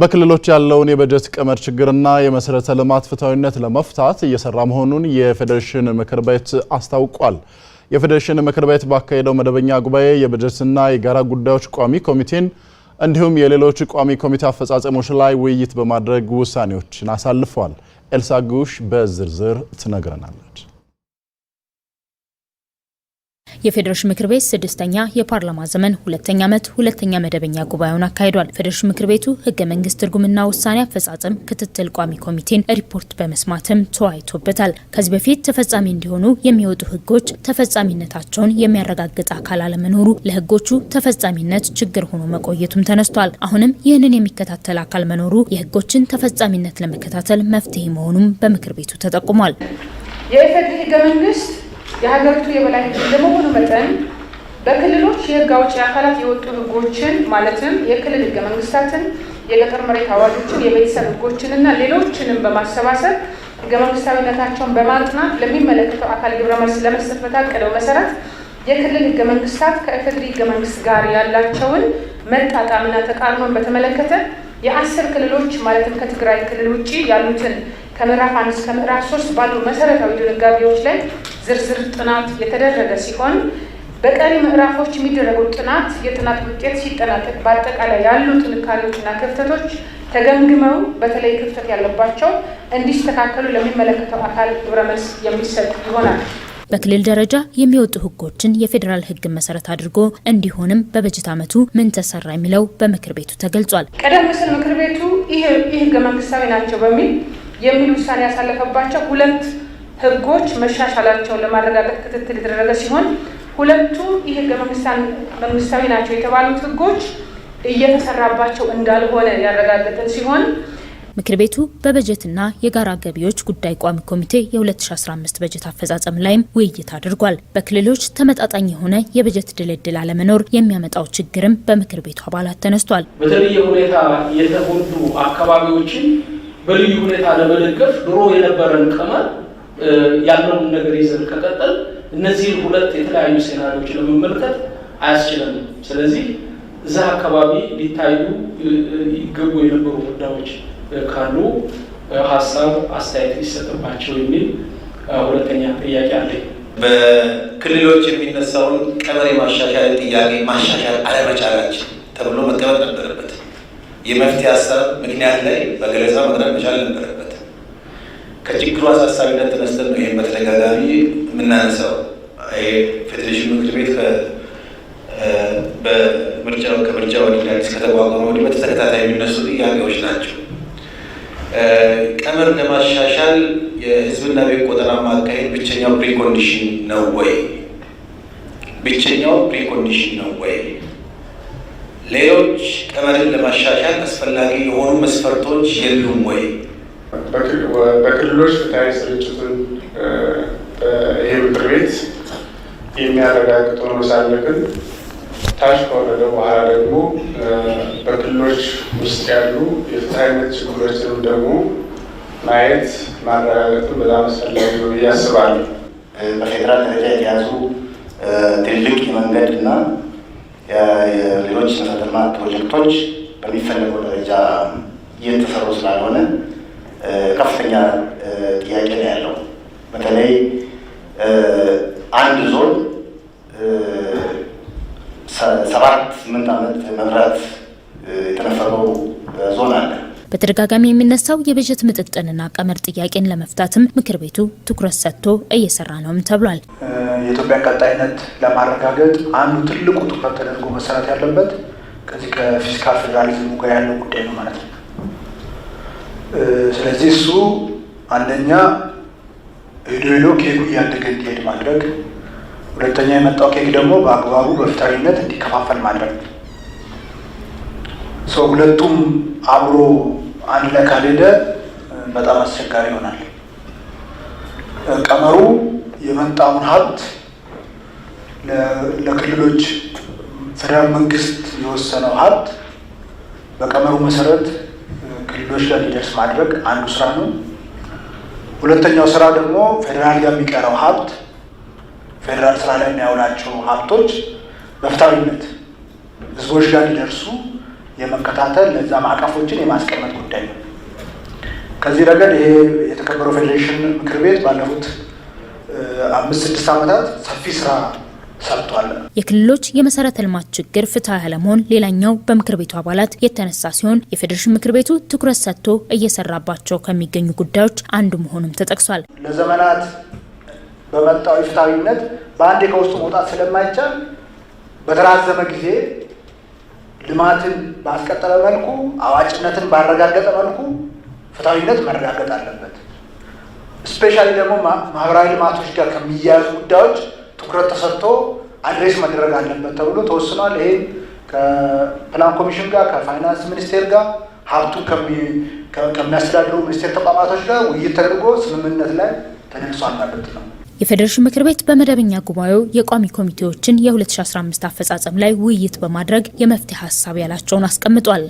በክልሎች ያለውን የበጀት ቀመር ችግርና የመሰረተ ልማት ፍትሐዊነት ለመፍታት እየሰራ መሆኑን የፌዴሬሽን ምክር ቤት አስታውቋል። የፌዴሬሽን ምክር ቤት ባካሄደው መደበኛ ጉባኤ የበጀትና የጋራ ጉዳዮች ቋሚ ኮሚቴን እንዲሁም የሌሎች ቋሚ ኮሚቴ አፈጻጸሞች ላይ ውይይት በማድረግ ውሳኔዎችን አሳልፏል። ኤልሳ ጉሽ በዝርዝር ትነግረናለች። የፌዴሬሽን ምክር ቤት ስድስተኛ የፓርላማ ዘመን ሁለተኛ ዓመት ሁለተኛ መደበኛ ጉባኤውን አካሂዷል። ፌዴሬሽን ምክር ቤቱ ህገ መንግስት ትርጉምና ውሳኔ አፈጻጸም ክትትል ቋሚ ኮሚቴን ሪፖርት በመስማትም ተወያይቶበታል። ከዚህ በፊት ተፈጻሚ እንዲሆኑ የሚወጡ ህጎች ተፈጻሚነታቸውን የሚያረጋግጥ አካል አለመኖሩ ለህጎቹ ተፈጻሚነት ችግር ሆኖ መቆየቱም ተነስቷል። አሁንም ይህንን የሚከታተል አካል መኖሩ የህጎችን ተፈጻሚነት ለመከታተል መፍትሄ መሆኑም በምክር ቤቱ ተጠቁሟል። የኢፌዴሪ ህገ መንግስት የሀገሪቱ የበላይ ሕግ እንደመሆኑ መጠን በክልሎች የህግ አውጪ አካላት የወጡ ህጎችን ማለትም የክልል ህገ መንግስታትን፣ የገጠር መሬት አዋጆችን፣ የቤተሰብ ህጎችንና ሌሎችንም በማሰባሰብ ህገ መንግስታዊነታቸውን በማጥናት ለሚመለከተው አካል ግብረ መልስ ለመስጠት በታቀደው መሰረት የክልል ህገ መንግስታት ከኢፌዴሪ ህገ መንግስት ጋር ያላቸውን መጣጣምና ተቃርኖን በተመለከተ የአስር ክልሎች ማለትም ከትግራይ ክልል ውጭ ያሉትን ከምዕራፍ አንድ እስከ ምዕራፍ ሶስት ባሉ መሰረታዊ ድንጋጌዎች ላይ ዝርዝር ጥናት የተደረገ ሲሆን በቀሪ ምዕራፎች የሚደረገው ጥናት የጥናት ውጤት ሲጠናቀቅ በአጠቃላይ ያሉ ጥንካሬዎችና ክፍተቶች ተገምግመው በተለይ ክፍተት ያለባቸው እንዲስተካከሉ ለሚመለከተው አካል ግብረ መልስ የሚሰጥ ይሆናል። በክልል ደረጃ የሚወጡ ህጎችን የፌዴራል ህግን መሰረት አድርጎ እንዲሆንም በበጀት ዓመቱ ምን ተሰራ የሚለው በምክር ቤቱ ተገልጿል። ቀደም ሲል ምክር ቤቱ ይህ ህገ መንግስታዊ ናቸው በሚል የሚል ውሳኔ ያሳለፈባቸው ሁለት ህጎች መሻሻላቸውን ለማረጋገጥ ክትትል የተደረገ ሲሆን ሁለቱ ይህ ህገ መንግስታዊ ናቸው የተባሉት ህጎች እየተሰራባቸው እንዳልሆነ ያረጋገጠን ሲሆን ምክር ቤቱ በበጀትና የጋራ ገቢዎች ጉዳይ ቋሚ ኮሚቴ የ2015 በጀት አፈጻጸም ላይም ውይይት አድርጓል። በክልሎች ተመጣጣኝ የሆነ የበጀት ድልድል አለመኖር የሚያመጣው ችግርም በምክር ቤቱ አባላት ተነስቷል። በተለየ ሁኔታ የተጎዱ አካባቢዎችን በልዩ ሁኔታ ለመደገፍ ድሮ የነበረን ቀመር ያለውን ነገር ይዘን ከቀጠል እነዚህን ሁለት የተለያዩ ሴናሪዎች ለመመልከት አያስችለንም። ስለዚህ እዛ አካባቢ ሊታዩ ይገቡ የነበሩ ጉዳዮች ካሉ ሀሳብ፣ አስተያየት ሊሰጥባቸው የሚል ሁለተኛ ጥያቄ አለኝ። በክልሎች የሚነሳውን ቀመር የማሻሻል ጥያቄ ማሻሻል አለመቻላችን ተብሎ መቀመጥ ነበረበት። የመፍትሄ ሀሳብ ምክንያት ላይ በገለጻ መቅረብ መቻል ነበረበት። ከችግሩ አሳሳቢነት ተነስተን ነው ይህን በተደጋጋሚ የምናነሳው። ፌዴሬሽን ምክር ቤት በምርጫው ከምርጫ ወዲህ አዲስ ከተቋቋመ ወዲህ በተከታታይ የሚነሱ ጥያቄዎች ናቸው። ቀመር ለማሻሻል የህዝብና ቤት ቆጠራ ማካሄድ ብቸኛው ፕሪኮንዲሽን ነው ወይ? ብቸኛው ፕሪኮንዲሽን ነው ወይ? ሌሎች ተመድን ለማሻሻል አስፈላጊ የሆኑ መስፈርቶች የሉም ወይ? በክልሎች ፍትሐዊ ስርጭትን ይህ ምክር ቤት የሚያረጋግጥ ሆኖ ሳለ ግን ታች ከወረደ በኋላ ደግሞ በክልሎች ውስጥ ያሉ የፍትሐዊነት ችግሮችንም ደግሞ ማየት ማረጋገጥን በጣም አስፈላጊ ነው ብዬ አስባለሁ። በፌዴራል ደረጃ የተያዙ ትልቅ የመንገድ እና ሌሎች መሰረተ ልማት ፕሮጀክቶች በሚፈለገው ደረጃ እየተሰሩ ስላልሆነ ከፍተኛ ጥያቄ ነው ያለው። በተለይ አንድ ዞን ሰባት ስምንት ዓመት መምራት የተነፈገው ዞን አለ። በተደጋጋሚ የሚነሳው የበጀት ምጥጥንና ቀመር ጥያቄን ለመፍታትም ምክር ቤቱ ትኩረት ሰጥቶ እየሰራ ነውም ተብሏል። የኢትዮጵያን ቀጣይነት ለማረጋገጥ አንዱ ትልቁ ትኩረት ተደርጎ መሰራት ያለበት ከዚህ ከፊስካል ፌዴራሊዝሙ ጋር ያለው ጉዳይ ነው ማለት ነው። ስለዚህ እሱ አንደኛ ሄዶ ሄዶ ኬኩ እያደገ እንዲሄድ ማድረግ፣ ሁለተኛ የመጣው ኬክ ደግሞ በአግባቡ በፍትሐዊነት እንዲከፋፈል ማድረግ ሰው ሁለቱም አብሮ አንድ ላይ ካልሄደ በጣም አስቸጋሪ ይሆናል። ቀመሩ የመጣውን ሀብት ለክልሎች ፌዴራል መንግስት የወሰነው ሀብት በቀመሩ መሰረት ክልሎች ላይ ሊደርስ ማድረግ አንዱ ስራ ነው። ሁለተኛው ስራ ደግሞ ፌዴራል ጋር የሚቀረው ሀብት ፌዴራል ስራ ላይ የሚያውላቸው ሀብቶች በፍታዊነት ህዝቦች ጋር ሊደርሱ የመከታተል እዛ ማዕቀፎችን የማስቀመጥ ጉዳይ ነው። ከዚህ ረገድ ይሄ የተከበረው ፌዴሬሽን ምክር ቤት ባለፉት አምስት ስድስት ዓመታት ሰፊ ስራ ሰርቷል። የክልሎች የመሰረተ ልማት ችግር ፍትሐዊ አለመሆን ሌላኛው በምክር ቤቱ አባላት የተነሳ ሲሆን የፌዴሬሽን ምክር ቤቱ ትኩረት ሰጥቶ እየሰራባቸው ከሚገኙ ጉዳዮች አንዱ መሆኑም ተጠቅሷል። ለዘመናት በመጣው ፍትሐዊነት በአንዴ ከውስጡ መውጣት ስለማይቻል በተራዘመ ጊዜ ልማትን ባስቀጠለ መልኩ አዋጭነትን ባረጋገጠ መልኩ ፍትሐዊነት መረጋገጥ አለበት። ስፔሻሊ ደግሞ ማህበራዊ ልማቶች ጋር ከሚያያዙ ጉዳዮች ትኩረት ተሰጥቶ አድሬስ መደረግ አለበት ተብሎ ተወስኗል። ይህም ከፕላን ኮሚሽን ጋር ከፋይናንስ ሚኒስቴር ጋር ሀብቱ ከሚያስተዳድሩ ሚኒስቴር ተቋማቶች ጋር ውይይት ተደርጎ ስምምነት ላይ ተደርሷል ማለት ነው። የፌዴሬሽን ምክር ቤት በመደበኛ ጉባኤው የቋሚ ኮሚቴዎችን የ2015 አፈጻጸም ላይ ውይይት በማድረግ የመፍትሄ ሀሳብ ያላቸውን አስቀምጧል።